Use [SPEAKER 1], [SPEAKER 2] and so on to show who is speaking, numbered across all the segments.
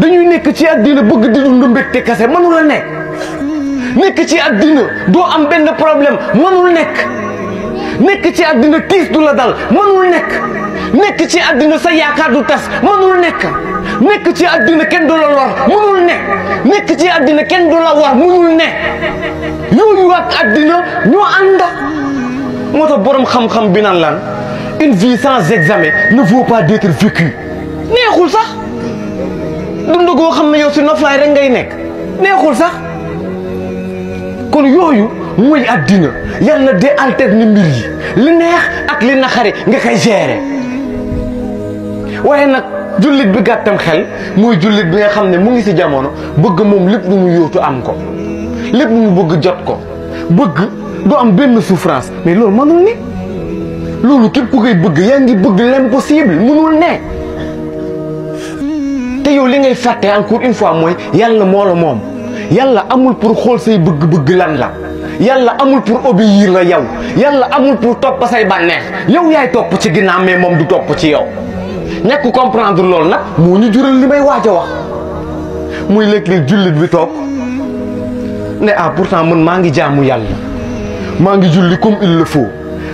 [SPEAKER 1] dañuy nekk ci àddina bëgg di dund mbégte kese mënul a nekk nekk ci àddina doo am benn problème mënul nekk nekk ci àddina tiis du la dal mënul nekk nekk ci àddina sa yaakaar du tas mënul nekk nekk ci àddina kenn du la lor mënul ne nekk ci àddina kenn du la war mënul ne yooyu ak àddina ñoo ànda moo tax borom xam-xam bi naan lan une vie sans examen ne vaut pas d'être vécue si noflaay rek ngay nekk neexul sax kon yooyu mooy àddina yàlla de alterne mbir yi li neex ak li naxari nga koy gérer waaye nag jullit bi gàttam xel mooy jullit bi nga xam ne mu ngi si jamono bëgg moom lépp lu mu yóotu am ko lépp lu mu bëgg jot ko bëgg du am benn souffrance mais loolu mënul ne loolu képp ku koy bëgg yaa ngi bëgg l'impossible mënul ne te yow li ngay fàtte encore une fois mooy yàlla moo la moom yàlla amul pour xool say bëgg-bëgg lan la yàlla amul pour obéir la yow yàlla amul pour topp say bànneex yow yaay topp ci ginnaaw mais moom du topp ci yow ñàkk comprendre loolu nag moo ñu jural li may waaj a wax muy léeg-léeg jullit bi toog ne ah pourtant man maa ngi jaamu yàlla maa ngi julli comme il le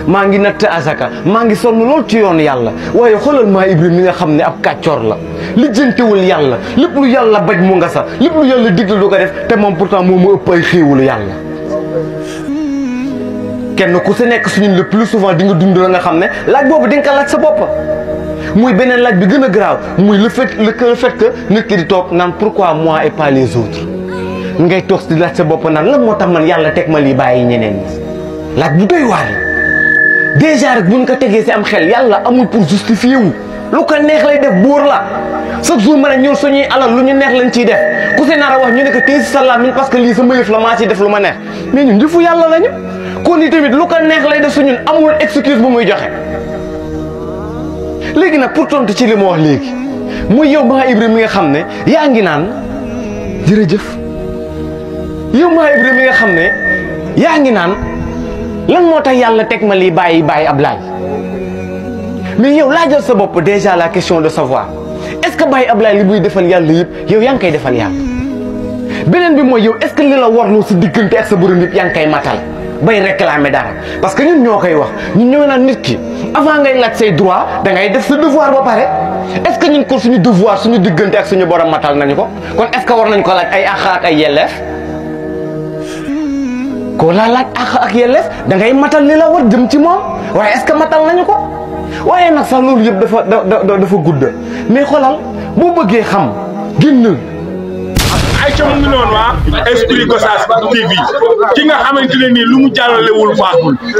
[SPEAKER 1] maa ngi natt asaka maa ngi sonn lool ci yoon yàlla waaye xoolal maa Ibrahima mi nga xam ne ab kàccoor la lijjantewul yàlla lépp lu yàlla baj mu nga sa lépp lu yàlla digle du ko def te moom pourtant moom mu ëpp ay xéewalu yàlla kenn ku si nekk suñu le plus souvent di nga dund la nga xam ne laaj boobu di nga ko laaj sa bopp muy beneen laaj bi gën a grave muy le fait le fait que nit di toog naan pourquoi mois et par les autres ngay toog di laaj sa bopp naan lan moo tax man yàlla teg ma lii bàyyi ñeneen déjà rek bu ñu ko tegee si am xel yàlla amul pour justifier wu lu ko neex lay def buur la chaque jour ma ne ñun suñuy alal lu ñu neex lañ ciy def ku si nar a wax ñu ne que téye si sa làmmiñ parce que lii sama yëf la a ciy def lu ma neex mais ñun jëfu yàlla lañu kon ni tamit lu ko neex lay def suñun amul excuse bu muy joxe léegi nag pour tontu ci li ma wax léegi muy yow a Ibrahima mi nga xam ne yaa ngi naan jërëjëf yow maa Ibrahima mi nga xam ne yaa ngi naan. lan moo tax yàlla teg ma lii bàyyi bàyyi ab laay mais yow laajal sa bopp déjà la question de savoir est-ce que bàyyi ab laay li buy defal yàlla yëpp yow yaa ngi koy defal yàlla beneen bi mooy yow est-ce que li la warloo si diggante ak sa borom yëpp yaa ngi koy matal bay réclamer dara parce que ñun ñoo koy wax ñun ñëw naan nit ki avant ngay laaj say droit dangay def sa devoir ba pare est-ce que ñun ko suñu devoir suñu diggante ak suñu borom matal nañu ko kon est war nañ ko laaj ay àq ak ay yelleef koo laa laaj ak ak yelleef da ngay matal li la war jëm ci moom waaye est-ce que matal nañu ko waaye nag sax loolu yëpp dafa dafa gudda mais xoolal boo bëggee xam génnal ay ca mu ngi noonu waa ah. esprit Gossas TV ki nga xamante nii lu mu jàllalewul baaxul